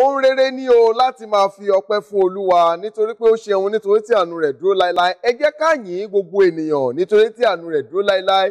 ohun rere ni o láti máa fi ọpẹ́ fún olúwa nítorí pé ó ṣeun nítorí tí àánú rẹ̀ dúró láéláé ẹ jẹ́ ká yìn gbogbo ènìyàn nítorí tí àánú rẹ̀ dúró láéláé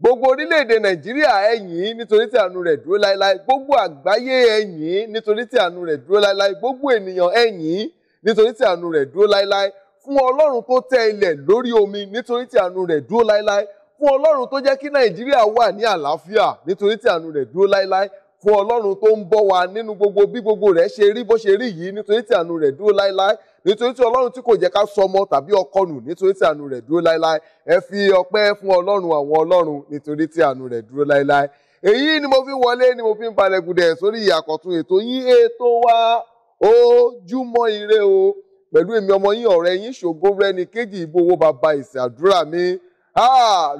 gbogbo orílẹ̀-èdè nàìjíríà ẹ yìn nítorí tí àánú rẹ̀ dúró láéláé gbogbo àgbáyé ẹ yìn nítorí tí àánú rẹ̀ dúró láéláé gbogbo ènìyàn ẹ yìn nítorí tí àánú rẹ̀ dúró láéláé fún ọlọ́run tó tẹ ilẹ̀ lórí omi nítorí tí àánú rẹ̀ dúró láéláé fún ọlọ́run tó jẹ́ kí nàìjíríà wà ní àlàáfíà nítorí tí àánú rẹ̀ dúró láéláé fún ọlọ́run tó ń bọ́ wa nínú gbogbo bí gbogbo rẹ̀ ṣe rí bó ṣe rí yìí nítorí tí àánú rẹ̀ dúró láéláé nítorí tí ọlọ́run tí kò jẹ́ ká sọmọ tàbí ọkọ nù nítorí tí àánú rẹ̀ dúró láéláé ẹ fi ọpẹ́ fún ọlọ́run àwọn ọlọ́run nítorí tí àánú rẹ̀ dúró láéláé èyí ni mo fi wọlé ni mo fi ń balẹ̀ gùdẹ̀ sórí àkọ́tún ètò yín ètò wa ojúmọ́ ire o pẹ̀lú èmi ọmọ yín ọ̀rẹ́ yín ṣògo rẹni kéjì ìbò bàbá ìsìn mi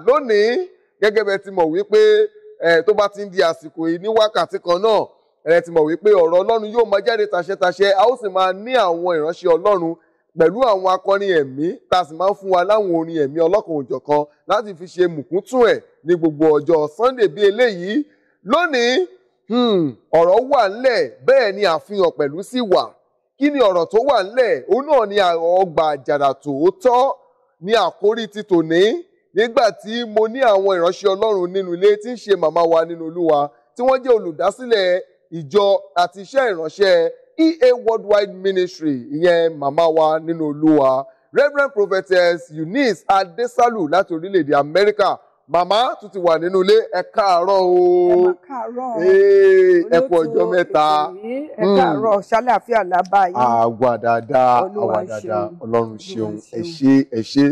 lónìí gẹ́gẹ́ bẹ́ẹ̀ ti mọ̀ wípé tó bá ti ń di àsìkò yìí ní wákàtí kan náà ẹ ti mọ̀ wípé ọ̀rọ̀ ọlọ́run yóò máa jáde tàṣẹtàṣẹ a ó sì máa ní àwọn ìránṣẹ́ ọlọ́run pẹ̀lú àwọn akọrin ẹ̀mí tá a sì máa ń fún wa láwọn orin ẹ̀mí ọlọ́kan òjọ̀kan láti fi ṣe mùkúntún ẹ̀ ní gbogbo ọjọ́ sunday bíi eléyìí lónìí hmm, ọ̀rọ̀ wà ńlẹ̀ bẹ́ẹ̀ ni àfihàn pẹ̀lú sí wà kí ni ọ̀rọ̀ tó wà ńlẹ̀ òun náà ni ọgbà àjàrà tòótọ́ ni àkórí ti tòní nígbà tí mo ní àwọn ìránṣẹ́ ọlọ́run nínú ilé tí ń ṣe màmá wa nínú olúwa tí wọ́n jẹ́ olùdásílẹ̀ ìjọ àti iṣẹ́ ìránṣẹ́ ea worldwide ministry ìyẹn màmá wa nínú olúwa reverend prophetess eunice adesalu láti orílẹ̀-èdè amẹ́ríkà màmá tún ti wà nínú ilé ẹ káàárọ̀ o ẹ kú ọjọ́ mẹ́ta ẹ hmm. káàárọ̀ ṣàlàáfíà lábá yìí àwa dáadáa àwa dáadáa ọlọ́run ṣeun ẹ ṣé ẹ ṣé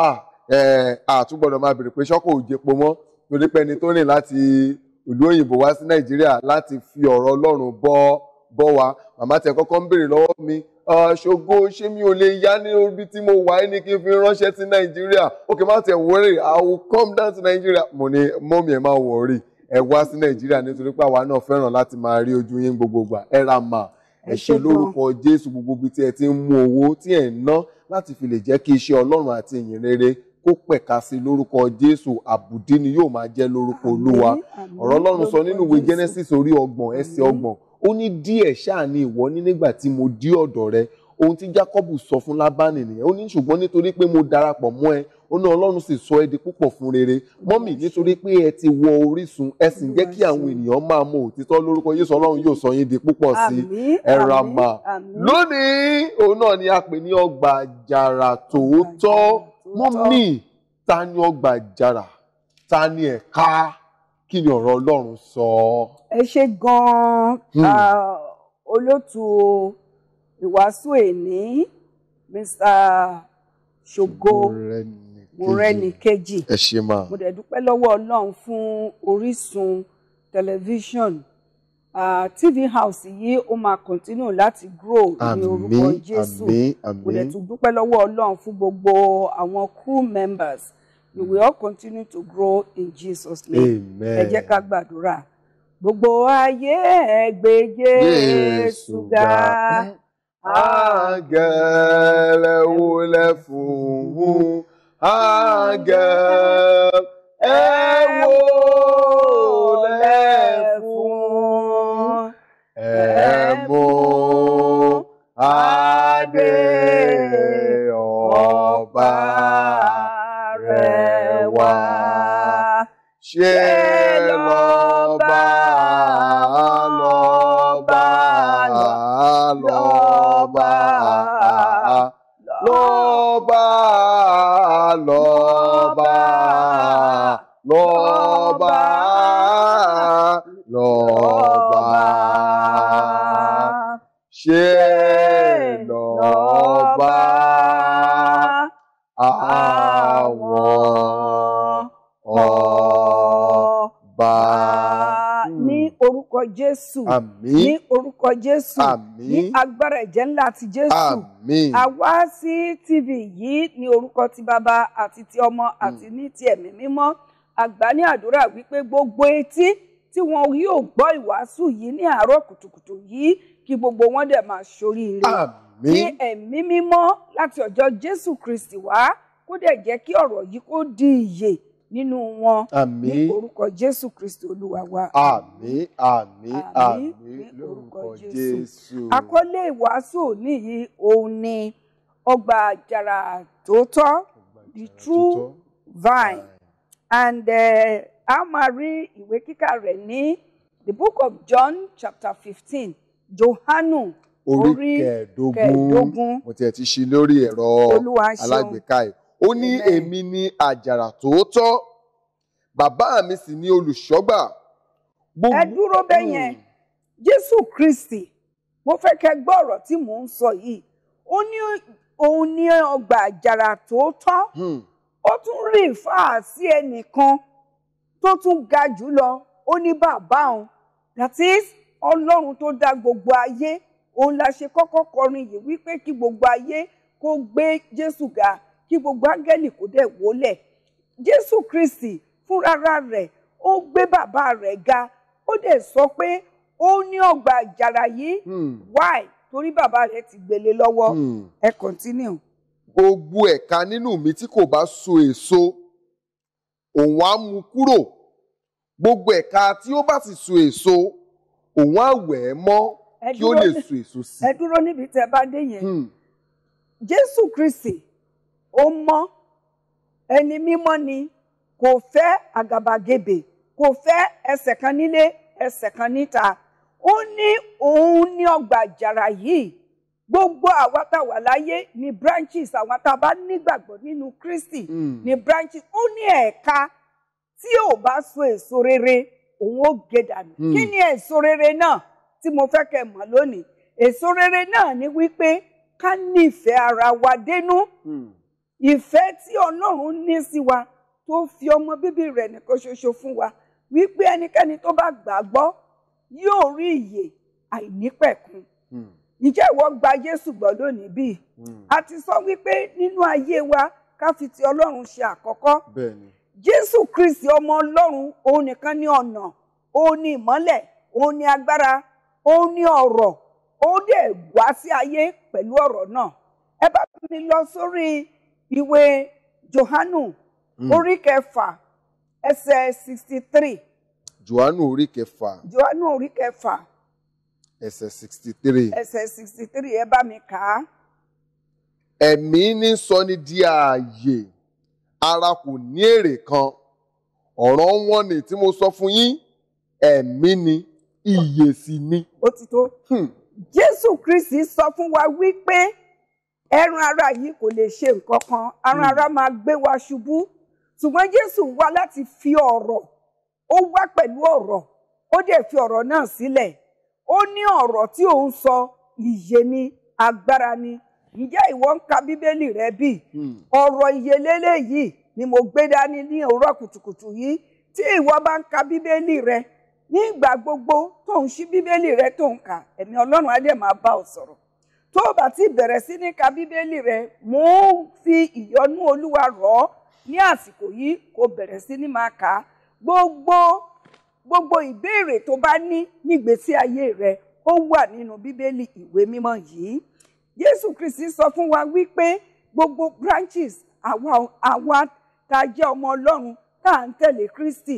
ah, àtúgbọ̀dọ̀ máa bèrè pé ṣọ́kọ̀ òjè po mọ́ torí pé ẹni tó rìn láti ìlú òyìnbó wá sí nàìjíríà láti fi ọ̀rọ̀ ọlọ́run bọ́ bọ́ wa màmá tẹ kọ́kọ́ ń bèrè lọ́wọ́ mi ṣògo ṣé mi ò lè yá ní orí tí mo wà ní kí n fi ránṣẹ́ sí nàìjíríà okay má tẹ̀ wọ́rẹ̀ i will come down to nàìjíríà mo ní mọ́mí ẹ̀ má wọ̀ọ́rì ẹ wá sí nàìjíríà nítorí pé àwa náà fẹ́ràn láti máa rí ojú yín gbogbogbà ẹ ra mà ẹ ṣe lórúkọ jésù gbogbo ibi tí ẹ ti ń mú owó tí ẹ ń ná láti fi lè jẹ́ kí iṣẹ́ ọlọ́run àti ìyìn rere kó pẹ̀ka sí lórúkọ jésù àbùdí ni yóò máa jẹ́ lórúkọ olúwa ọ̀rọ̀ ọlọ́run sọ nínú ìwé genesis orí ọgbọ̀n ẹsẹ̀ ọgbọ̀n ó ní díẹ̀ ṣáà ni ìwọ ní nígbà tí mo dí ọ̀dọ̀ rẹ ohun tí jacob sọ fún lábánì nìyẹn ó ní ṣùgbọ́n nítorí pé mo darapọ̀ mọ́ ẹ ó ní ọlọ́run sì sọ ẹ di púpọ̀ fún rere mọ́mì nítorí pé ẹ ti wọ orísun ẹ sì ń jẹ́ kí àwọn ènìyàn máa mọ òtítọ́ lórúkọ yéṣu ọlọ́run yóò sọ yín di púpọ̀ sí ẹ̀rà mà lónìí òun náà ni a pè ní ọgbà àjàrà tòótọ́ mọ́mí ta ni ọgbà ìjàrà ta ni ẹ̀ka kí ni ọ̀rọ̀ ọlọ́run sọ. ẹ ṣe gan-an hmm. olóòtú ìwàásù èní mr ṣògo Mọ́rẹ́níkejì ẹ ṣe máa mo dẹ̀ dúpẹ́ lọ́wọ́ ọlọ́run fún Orísun tẹlifíṣàn TV House yìí ó máa continue láti grow ní orúkọ Jésù kò dẹ̀ tún dúpẹ́ lọ́wọ́ Ọlọ́run fún gbogbo àwọn crew members we mm. will all continue to grow in Jesus name ẹ jẹ́ ká gbàdúrà gbogbo ayé ẹ Jésù ga àgẹ̀lẹ̀ wọlé fún un àgẹ̀lẹ̀. ṣe lọ́ba lọ́ba lọ́ba lọ́ba lọ́ba lọ́ba lọ́ba ṣe. jésù ní orúkọ jésù ní agbára ẹ̀jẹ̀ ńlá ti jésù àwa sí tv yìí ní orúkọ ti bàbá àti ti ọmọ àti hmm. ní ti ẹ̀mí mímọ́ àgbà ní àdúrà wípé gbogbo etí tí wọn yóò gbọ́ ìwàásù yìí ní àárọ̀ kùtùkùtù yìí kí gbogbo wọn dẹ̀ máa ṣoríire ní ẹ̀mí mímọ́ láti ọ̀jọ́ jésù kristi wá kó dẹ̀ jẹ́ kí ọ̀rọ̀ yìí kó di ìyè nínú wọn ní orúkọ Jésù Kristi Olúwa wa. àmín àmín àmín lórúkọ Jésù. àkọlé ìwàásù níyì òun ni ọgbà àjàrà tó the true vine and uh, a máa rí ìwé kíkà rẹ̀ ní the book of John chapter fifteen Johanu orí kẹẹ̀ẹ́dógún mo tiẹ̀ ti ṣí lórí ẹ̀rọ alágbèéká yìí ó ní èmi ni àjàrà tòótọ́ bàbá mi sì ni olùṣọ́gbà. ẹ dúró bẹ́ẹ̀ hmm. yẹn jésù kristi mo fẹ́ kẹ́ gbọ́ ọ̀rọ̀ tí mò ń sọ yìí ó ní òun ni ọgbà àjàrà tòótọ́ hmm. ó tún rí ìfáà sí ẹnìkan tó tún ga jù lọ ó ní bàbá òun that is ọlọ́run tó dá gbogbo ayé òun la ṣe kọ́kọ́ kọrin yìí wípé kí gbogbo ayé kó gbé jésù ga kí gbogbo áńgẹ́lì kó dẹ̀ wólẹ̀ jésù kristi fúnrara rẹ̀ ó gbé bàbá rẹ̀ ga ó dẹ̀ sọ pé ó ní ọgbà àjàrà yìí hmm. why torí bàbá rẹ̀ ti gbélé lọ́wọ́ hmm. ẹ continue. gbogbo ẹ̀ka nínú mi tí kò bá so èso òun á mú kúrò gbogbo ẹ̀ka tí ó bá sì so èso òun á wẹ̀ ẹ́ mọ́ kí ó lè so èso sí. ẹ dúró níbi tẹ́ bá dé yẹn hmm. jésù kristi ó mọ, ẹni mímọ ni kò fẹ́ àgàbàgebè kò fẹ́ ẹsẹ kan nílé ẹsẹ kan níta ó ní òun ní ọgbà àjàrà yìí gbogbo àwa tá wà láyé ní branches àwa tá a bá nígbàgbọ́ nínú Kristi hmm. ní branches ó ní ẹka tí ò bá so èso rere òun ó gé dànù hmm. kí ni èso rere náà tí mo fẹ́ kẹ́ mọ̀ lónìí èso rere náà ni wípé ká nífẹ̀ẹ́ ara wa dénú hmm. ìfẹ́ tí ọlọ́run ní sí wa tó fi ọmọ bíbí rẹ̀ nìkan ṣoṣo fún wa wípé ẹnikẹ́ni tó bá gbàgbọ́ yóò rí ìyè àìnípẹ̀kun hmm. ǹjẹ́ ìwọ gba Jésù gbọ́ lónìí bíi hmm. a ti sọ wípé nínú ayé wa ká fi ti ọlọ́run ṣe àkọ́kọ́ Jésù Kristi ọmọ ọlọ́run òun nìkan ní ọ̀nà òun ní ìmọ́lẹ̀ òun ní agbára òun ní ọ̀rọ̀ ó dẹ̀ wá sí ayé pẹ̀lú ọ̀rọ̀ náà ẹ bá mi lọ sórí ìwé johanu hmm. orí kẹfà ẹsẹ̀ sixty three. johanu orí kẹfà. johanu orí kẹfà. ẹsẹ̀ sixty three. ẹsẹ̀ sixty three ẹ bá mi kà á. ẹ̀mí ní sọni di ààyè ara kò ní èrè kan ọ̀rọ̀ wọn ni tí mo sọ fún yín ẹ̀mí ni ìyè sì ni. ó ti tó hmm. jésù kristi sọ fún wa wípé àrùn ara yìí kò lè ṣe nǹkan kan àrùn hmm. ara máa gbé wa ṣubú ṣùgbọ́n Jésù wá láti fi ọ̀rọ̀ ó wá pẹ̀lú ọ̀rọ̀ ó dẹ̀ fi ọ̀rọ̀ náà sílẹ̀ ó ní ọ̀rọ̀ tí òun sọ ìyè ni agbára ni ǹjẹ́ ìwọ ń ka bíbélì rẹ bí hmm. ọ̀rọ̀ ìyè lélẹ́yìí ni mo gbé dání ní òwúrọ̀ kùtùkùtù yìí tí ìwọ bá ń ka bíbélì rẹ ní ìgbà gbogbo tó ń ṣí bíbélì rẹ tó ń kà ẹ̀mí Ọlọ́run á máa bá ọ sọ̀rọ̀ tó o bá ti bẹ̀rẹ̀ sí ní ka bíbélì rẹ mò ń fi ìyọ́nú olúwa rọ̀ ọ́ ní àsìkò yìí kó bẹ̀rẹ̀ sí ní máa kà á gbogbo gbogbo ìbéèrè tó bá ní nígbésí ayé rẹ ó wà nínú bíbélì ìwé mímọ́ yìí jésù kristi sọ fún wa wípé gbogbo branches àwa àwa tá jẹ́ ọmọ ọlọ́run tá à ń tẹ̀lé kristi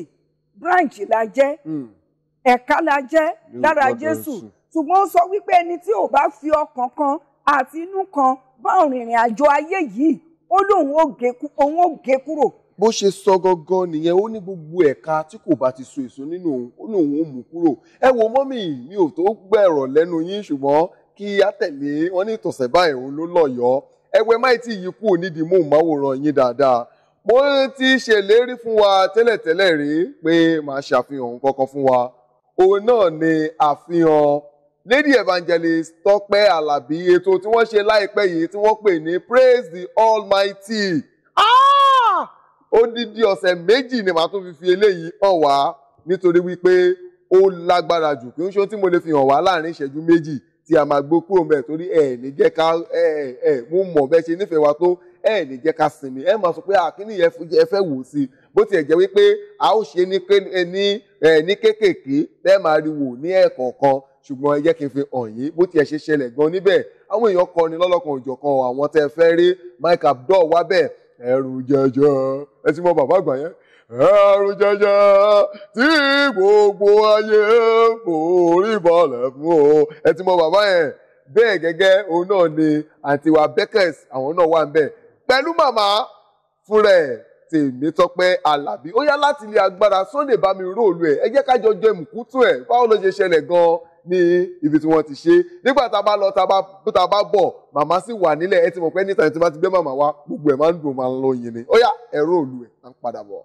branch la jẹ́ hmm. ẹ̀ka la jẹ́ lára jésù ṣùgbọ́n ó sọ wípé ẹni tí ò bá fi ọkàn kan àti inú kan bá òrìnrìn àjò ayé yìí ó lóun ó gé kúrò. bó ṣe sọ gangan nìyẹn ó ní gbogbo ẹ̀ka tí kò bá ti so èso nínú òun ó lóun ó mú kúrò ẹ wo mọ́mì mi ò tó gbẹ̀rọ̀ lẹ́nu yín ṣùgbọ́n kí á tẹ̀lé e, wọn ní ìtọ̀sẹ̀ báyìí òun ló lọ́yọ̀ọ́ ẹwẹ́ máì tí yìí kú nídìí móhùnmáwòrán yín dáadáa mo ti ṣèlérí fún wa tẹ́lẹ̀tẹ́lẹ̀ rí pé màá ṣàfihàn kankan fún wa òun náà ni àfihàn lady evangelist tọ́pẹ́ alábí ètò tí wọ́n ṣe láìpẹ́ yìí tí wọ́n pè ní praise the almighty ah! odidi ọ̀sẹ̀ méjì ni màá tún fi fi eléyìí hàn wá nítorí wípé ó lágbára jù kí n ṣe tí mo lè fi hàn wá láàrin ìṣẹ́jú méjì tí a máa gbó kúrò mẹ́ẹ̀ torí ẹ̀ ní jẹ́ ká ẹ̀ ẹ̀ mú mọ̀ bẹ́ẹ̀ ṣe nífẹ̀ẹ́ wa tó ẹ̀ ní jẹ́ ká sinmi ẹ̀ máa sọ pé àkíní yẹn fẹ́ wò sí i bó tiẹ̀ jẹ́ wípé a ó ṣe ní kéékèèké tẹ́ máa rí wò ní ẹ̀ẹ̀kọ̀ọ̀kan ṣùgbọ́n ẹ jẹ́ kí n fi hàn yín bó tiẹ̀ ṣe ṣẹlẹ̀ gan níbẹ̀ àwọn èèyàn kọrin lọ́lọ́kan òjọ̀kan àwọn tẹ́ fẹ́ rí Mike Abdul wá bẹ̀ ẹrù jẹjọ ẹ ti mọ bàbá àgbà yẹn ẹrù jẹjọ tí gbogbo ayé forí balẹ̀ fún o ẹ ti mọ bàbá yẹn bẹ́ẹ̀ gẹ́gẹ́ òun náà ni àtiwá Beckers àwọn náà wà ń bẹ̀ pẹ̀lú màmá fúnra ẹ̀ Tèmítọ́pẹ́ Àlàbí ó yá láti ilé agbára Sunday bá róòlù ẹ̀ ẹ jẹ́ ká jọ jẹ mùkútù ẹ̀ báwo ló ṣe ṣẹlẹ̀ gan ní ibi tí wọ́n ti ṣe nígbà tá a bá lọ tá a bá bọ̀ màmá sì wà nílẹ̀ ẹ ti mọ̀ pé ní tàyẹ̀ tí wọ́n ti gbé màmá wá gbogbo ẹ̀ máa ń dùn máa ń lọ yìnyín ó yá ẹ̀rọ òlu ẹ̀ à ń padà bọ̀.